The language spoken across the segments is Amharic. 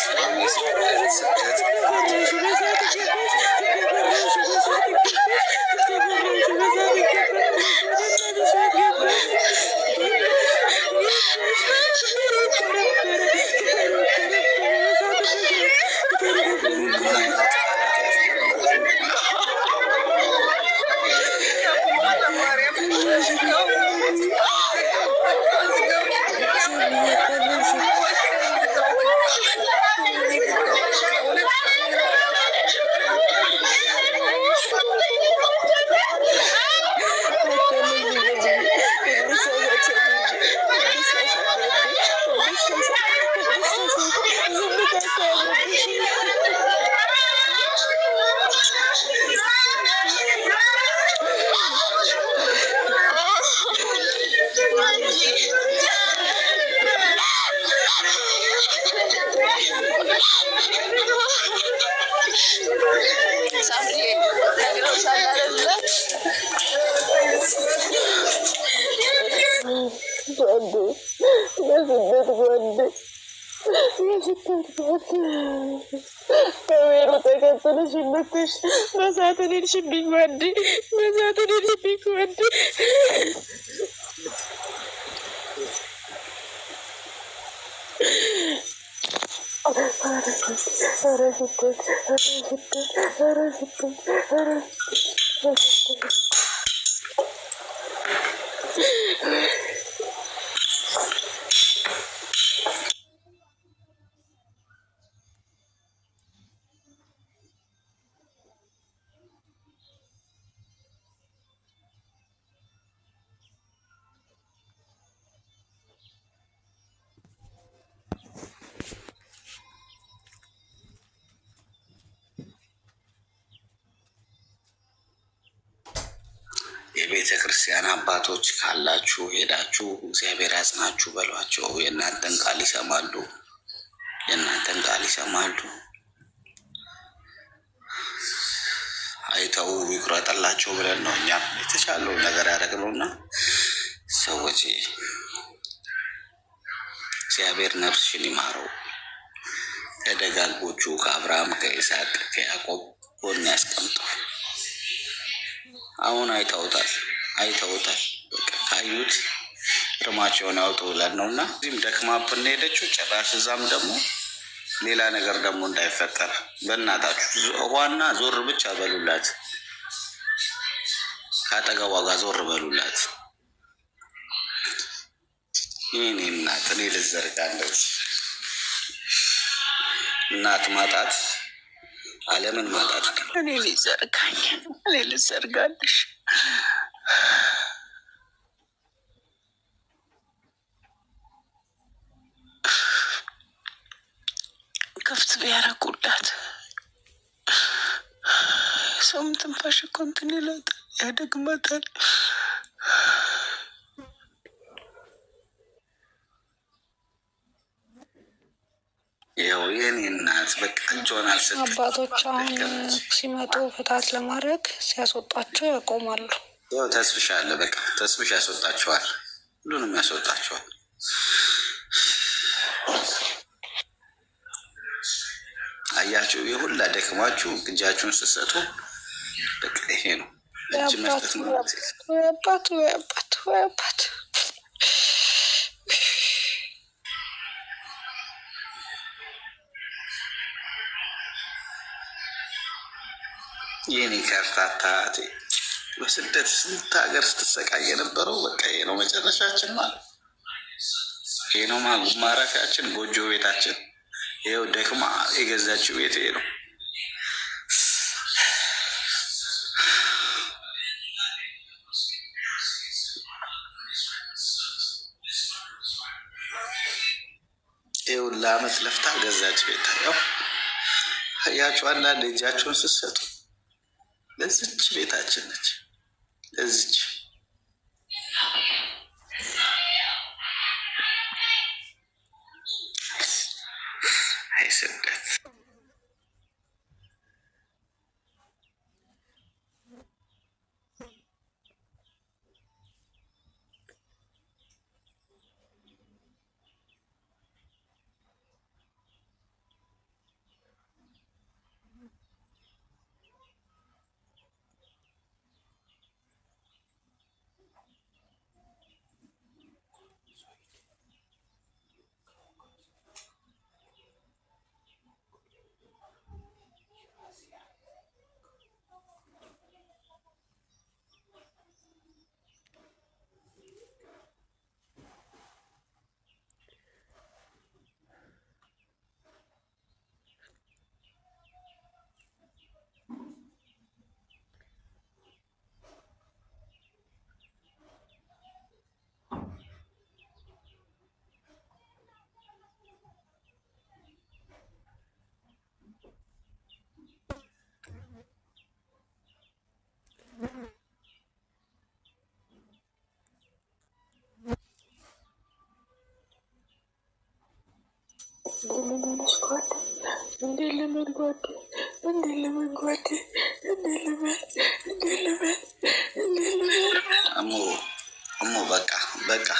It's that's, that's, that's Merhaba katsana şimdi Ben zaten erişim bilmendi. Ben zaten erişim bilmendi. Ara gittin, ara gittin, ara gittin, ara gittin, ara gittin. ቤተ ክርስቲያን አባቶች ካላችሁ ሄዳችሁ እግዚአብሔር ያጽናችሁ በሏቸው። የእናንተን ቃል ይሰማሉ፣ የእናንተን ቃል ይሰማሉ። አይተው ይቁረጠላቸው ብለን ነው እኛም የተቻለው ነገር ያደረግነው እና ሰዎች እግዚአብሔር ነፍስሽን ይማረው። ከደጋልቦቹ ከአብርሃም ከይስሐቅ ከያዕቆብ ጎን ያስቀምጠው። አሁን አይተውታል። አይተውታል። ካዩት እርማቸውን አውጡ ብለን ነው እና እዚህም ደክማብን ሄደችው ጭራሽ እዛም ደግሞ ሌላ ነገር ደግሞ እንዳይፈጠር በእናታችሁ ዋና ዞር ብቻ በሉላት፣ ከአጠገቧ ጋር ዞር በሉላት። ይህኔ እናት እኔ ልዘርጋ እናት ማጣት አለምን ማጣት እኔ ልዘርጋኝ እኔ ልዘርጋለሽ ክፍት ቢያረጉላት ሰውም ትንፋሽ እኮ እንትን ይላታል፣ ያደግማታል። ያው የኔ እናት በቃ እጇን አልሰጠችም። አባቶች አሁን ሲመጡ ፍታት ለማድረግ ሲያስወጣቸው ያቆማሉ። ያው ተስፍሻ አለ። በቃ ተስፍሽ ያስወጣችኋል፣ ሁሉንም ያስወጣችኋል። አያችሁ፣ የሁላ ደክማችሁ እጃችሁን ስትሰጡ በቃ ይሄ ነው እጅ መስጠት ማለት አባት ወይ አባት የኔ ከርታታ በስደት ስንት ሀገር ስትሰቃይ የነበረው በቃ ይሄ ነው መጨረሻችን ማለት ይሄ ነው ማረፊያችን፣ ጎጆ ቤታችን። ይኸው ደክማ የገዛችው ቤት ይሄ ነው። ይኸው ለአመት ለፍታ ገዛች ቤት። ያው ያችሁ አንዳንድ እጃችሁን ስትሰጡ ለዚች ቤታችን ነች። እዚች ለመንጓዴ እንዴ ለመንጓዴ እንዴ ለመንጓዴ እንዴ ልበል እንዴ ልበል እንዴ ልበል እሞ እሞ በቃ በቃ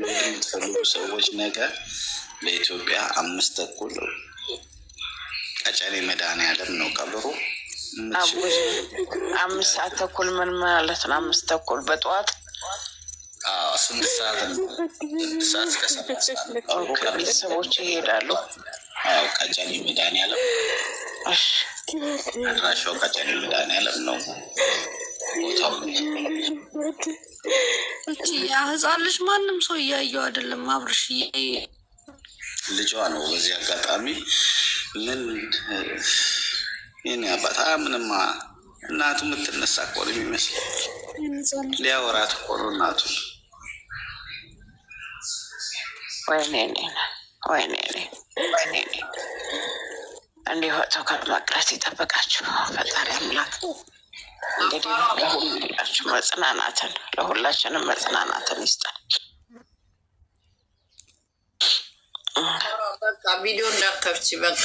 የምትፈልጉ ሰዎች ነገ በኢትዮጵያ አምስት ተኩል ቀጨኔ መድኃኔዓለም ነው ቀብሩ። አምስት ሰዓት ተኩል ምን ማለት ነው? አምስት ተኩል በጠዋት ሰዓት ቤተሰቦች ይሄዳሉ። ቀጨኔ መድኃኒዓለም አድራሻው ቀጨኔ መድኃኒዓለም ነው። ህፃን ልጅ ማንም ሰው እያየው አይደለም። አብርሽ ልጇ ነው። በዚህ አጋጣሚ ምን ይህን አባት ምንም እናቱ የምትነሳ እኮ ነው የሚመስለው። ሊያወራት እኮ ነው እናቱ። እንዲህ ወጥቶ ከመቅረት ይጠበቃችሁ ፈጣሪ አምላክ። እንግዲህ ለሁላችሁ መጽናናትን ለሁላችንም መጽናናትን ይስጣል። በቃ ቪዲዮ እንዳከብች በቃ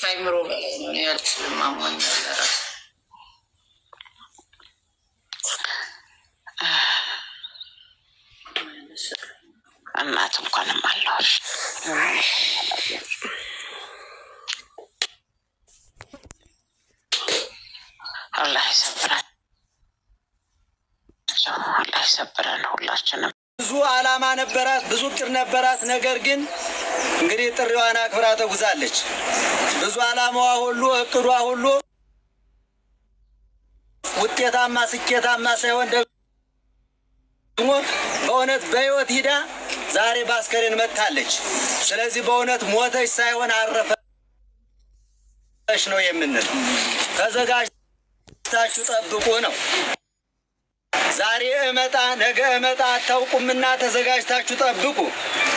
ከአይምሮ በላይ ነው ያልችልም አሟኝ እናት እንኳንም አለሽ አላህ ይሰብረን፣ አላህ ይሰብረን ሁላችንም። ብዙ አላማ ነበራት፣ ብዙ እቅድ ነበራት ነገር ግን እንግዲህ ጥሪዋን አክብራ ተጉዛለች። ብዙ ዓላማዋ ሁሉ እቅዷ ሁሉ ውጤታማ ስኬታማ ሳይሆን ደግሞ በእውነት በሕይወት ሂዳ ዛሬ በአስከሬን መጥታለች። ስለዚህ በእውነት ሞተች ሳይሆን አረፈች ነው የምንል። ተዘጋጅታችሁ ጠብቁ ነው። ዛሬ እመጣ ነገ እመጣ አታውቁምና ተዘጋጅታችሁ ጠብቁ።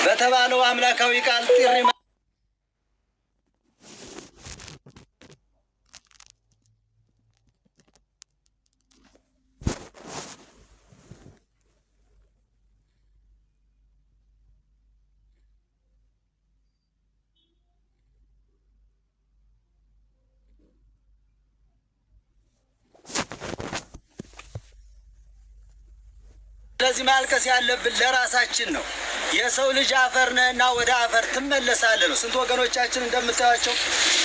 በተባለው አምላካዊ ቃል ጥሪ ስለዚህ ማልቀስ ያለብን ለራሳችን ነው። የሰው ልጅ አፈር እና ወደ አፈር ትመለሳለህ ነው። ስንት ወገኖቻችን እንደምታያቸው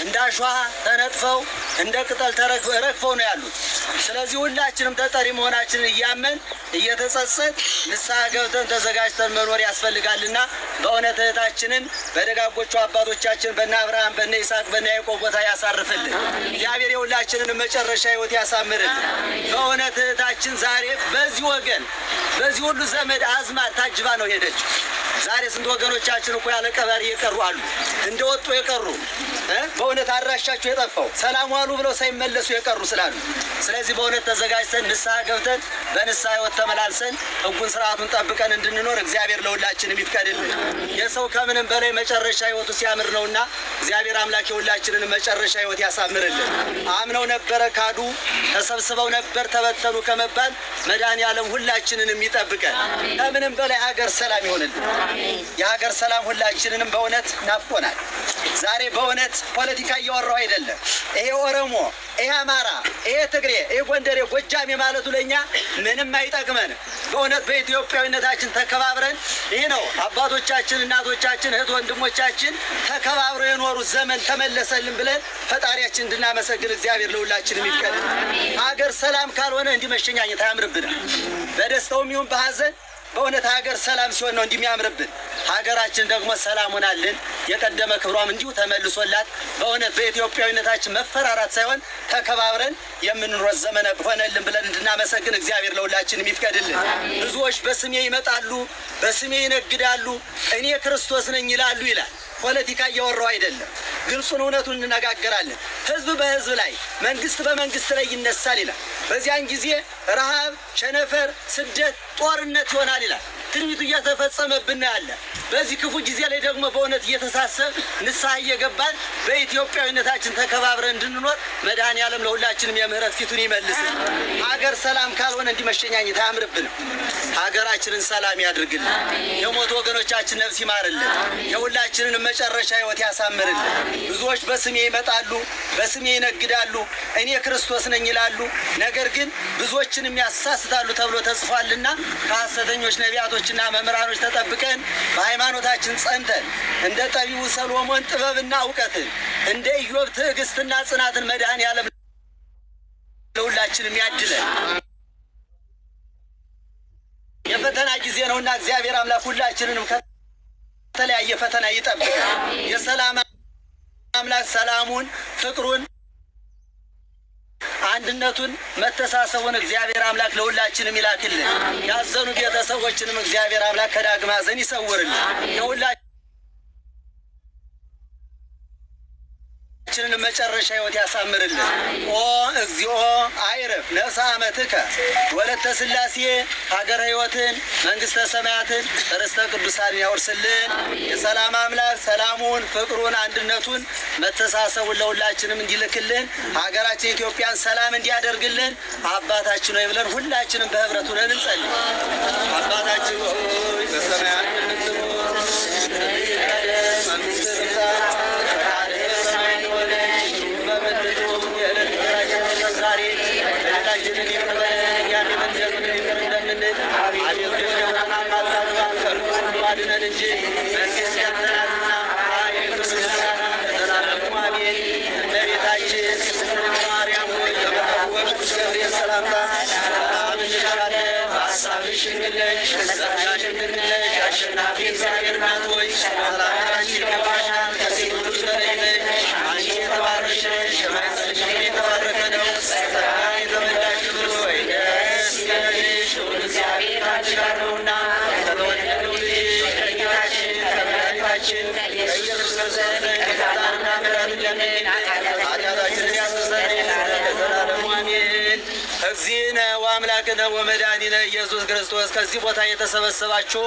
እንደ አሸዋ ተነጥፈው እንደ ቅጠል ረግፈው ነው ያሉት። ስለዚህ ሁላችንም ተጠሪ መሆናችንን እያመን እየተጸጸት ንስሐ ገብተን ተዘጋጅተን መኖር ያስፈልጋልና በእውነት እህታችንን በደጋጎቹ አባቶቻችን በነ አብርሃም በነ ይስሐቅ በነ ያዕቆብ ቦታ ያሳርፍልን። እግዚአብሔር የሁላችንን መጨረሻ ህይወት ያሳምርልን። በእውነት እህታችን ዛሬ በዚህ ወገን በዚህ ሁሉ ዘመድ አዝማድ ታጅባ ነው ሄደችው። ዛሬ ስንት ወገኖቻችን እኮ ያለ ቀበር የቀሩ አሉ፣ እንደወጡ የቀሩ በእውነት አድራሻቸው የጠፋው ሰላም ዋሉ ብለው ሳይመለሱ የቀሩ ስላሉ፣ ስለዚህ በእውነት ተዘጋጅተን ንስሐ ገብተን በንስሐ ህይወት ተመላልሰን እጉን ስርዓቱን ጠብቀን እንድንኖር እግዚአብሔር ለሁላችንም ይፍቀድልን። የሰው ከምንም በላይ መጨረሻ ህይወቱ ሲያምር ነውና እግዚአብሔር አምላክ የሁላችንን መጨረሻ ህይወት ያሳምርልን። አምነው ነበረ ካዱ፣ ተሰብስበው ነበር ተበተኑ ከመባል መድኃኔ ዓለም ሁላችንንም ይጠብቀን። ከምንም በላይ ሀገር ሰላም ይሆንልን። የሀገር ሰላም ሁላችንንም በእውነት ናፍቆናል። ዛሬ በእውነት ፖለቲካ እያወራሁ አይደለም። ይሄ ኦሮሞ፣ ይሄ አማራ፣ ይሄ ትግሬ፣ ይሄ ጎንደሬ፣ ጎጃሜ ማለቱ ለእኛ ምንም አይጠቅመን በእውነት በኢትዮጵያዊነታችን ተከባብረን ይህ ነው አባቶቻችን፣ እናቶቻችን፣ እህት ወንድሞቻችን ተከባብረው የኖሩት ዘመን ተመለሰልን ብለን ፈጣሪያችን እንድናመሰግን እግዚአብሔር ለሁላችን ይፍቀድ። ሀገር ሰላም ካልሆነ እንዲህ መሸኛኘት አያምርብናል። በደስታውም ይሁን በሀዘን በእውነት ሀገር ሰላም ሲሆን ነው እንዲሚያምርብን ሀገራችን ደግሞ ሰላም ሆናልን የቀደመ ክብሯም እንዲሁ ተመልሶላት በእውነት በኢትዮጵያዊነታችን መፈራራት ሳይሆን ተከባብረን የምንኖር ዘመነ ሆነልን ብለን እንድናመሰግን እግዚአብሔር ለሁላችን የሚፍቀድልን ብዙዎች በስሜ ይመጣሉ፣ በስሜ ይነግዳሉ፣ እኔ ክርስቶስ ነኝ ይላሉ ይላል ፖለቲካ እያወራው አይደለም። ግልጹን እውነቱን እንነጋገራለን። ህዝብ በህዝብ ላይ፣ መንግስት በመንግስት ላይ ይነሳል ይላል። በዚያን ጊዜ ረሃብ፣ ቸነፈር፣ ስደት፣ ጦርነት ይሆናል ይላል። ትንቢቱ እየተፈጸመብን ያለ በዚህ ክፉ ጊዜ ላይ ደግሞ በእውነት እየተሳሰብ ንስሐ እየገባን በኢትዮጵያዊነታችን ተከባብረን እንድንኖር መድኃኔዓለም ለሁላችንም የምህረት ፊቱን ይመልስ። ሀገር ሰላም ካልሆነ እንዲመሸኛኝት አያምርብንም። ሀገራችንን ሰላም ያድርግልን። የሞቱ ወገኖቻችን ነፍስ ይማርልን። የሁላችንን መጨረሻ ህይወት ያሳምርልን። ብዙዎች በስሜ ይመጣሉ፣ በስሜ ይነግዳሉ፣ እኔ ክርስቶስ ነኝ ይላሉ። ነገር ግን ብዙዎችንም ያሳስታሉ ተብሎ ተጽፏልና ከሐሰተኞች ነቢያቶች ወላጆችና መምህራኖች ተጠብቀን በሃይማኖታችን ጸንተን እንደ ጠቢቡ ሰሎሞን ጥበብና እውቀትን እንደ ኢዮብ ትዕግስትና ጽናትን መድኃኔ ዓለም ለሁላችንም ያድለን። የፈተና ጊዜ ነውና እግዚአብሔር አምላክ ሁላችንንም ከተለያየ ፈተና ይጠብቃል። የሰላም አምላክ ሰላሙን ፍቅሩን አንድነቱን መተሳሰቡን እግዚአብሔር አምላክ ለሁላችንም ይላክልን። ያዘኑ ቤተሰቦችንም እግዚአብሔር አምላክ ከዳግም ሐዘን ይሰውርልን። ችንን መጨረሻ ህይወት ያሳምርልን። ኦ እግዚኦ አይረፍ ነፍሰ አመትከ ወለተ ስላሴ ሀገረ ህይወትን መንግስተ ሰማያትን ርስተ ቅዱሳን ያወርስልን። የሰላም አምላክ ሰላሙን፣ ፍቅሩን፣ አንድነቱን፣ መተሳሰቡን ለሁላችንም እንዲልክልን ሀገራችን ኢትዮጵያን ሰላም እንዲያደርግልን አባታችን ሆይ ብለን ሁላችንም በህብረት ሁነን እንጸልይ። አባታችን ሆይ በሰማያት good amount of voice. አምላክነ ወመድኃኒነ ኢየሱስ ክርስቶስ ከዚህ ቦታ የተሰበሰባችሁ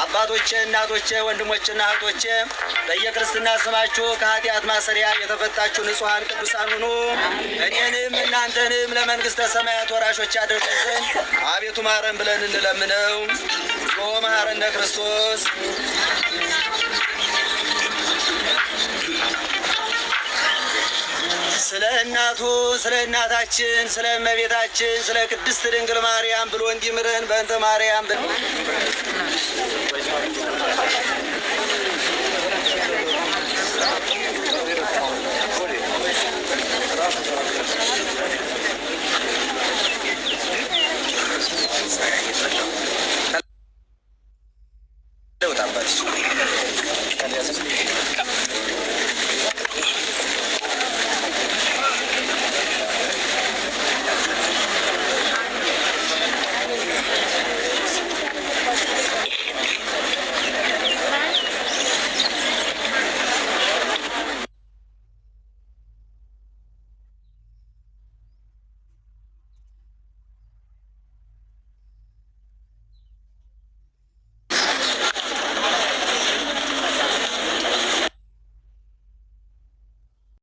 አባቶቼ፣ እናቶቼ፣ ወንድሞችና እህቶቼ በየክርስትና ስማችሁ ከኃጢአት ማሰሪያ የተፈታችሁ ንጹሐን ቅዱሳን ሁኑ። እኔንም እናንተንም ለመንግሥተ ሰማያት ወራሾች ያደርገን ዘንድ አቤቱ ማረን ብለን እንለምነው። ኦ መሐረነ ክርስቶስ ስለ እናቱ ስለ እናታችን ስለ እመቤታችን ስለ ቅድስት ድንግል ማርያም ብሎ እንዲምርህን በእንተ ማርያም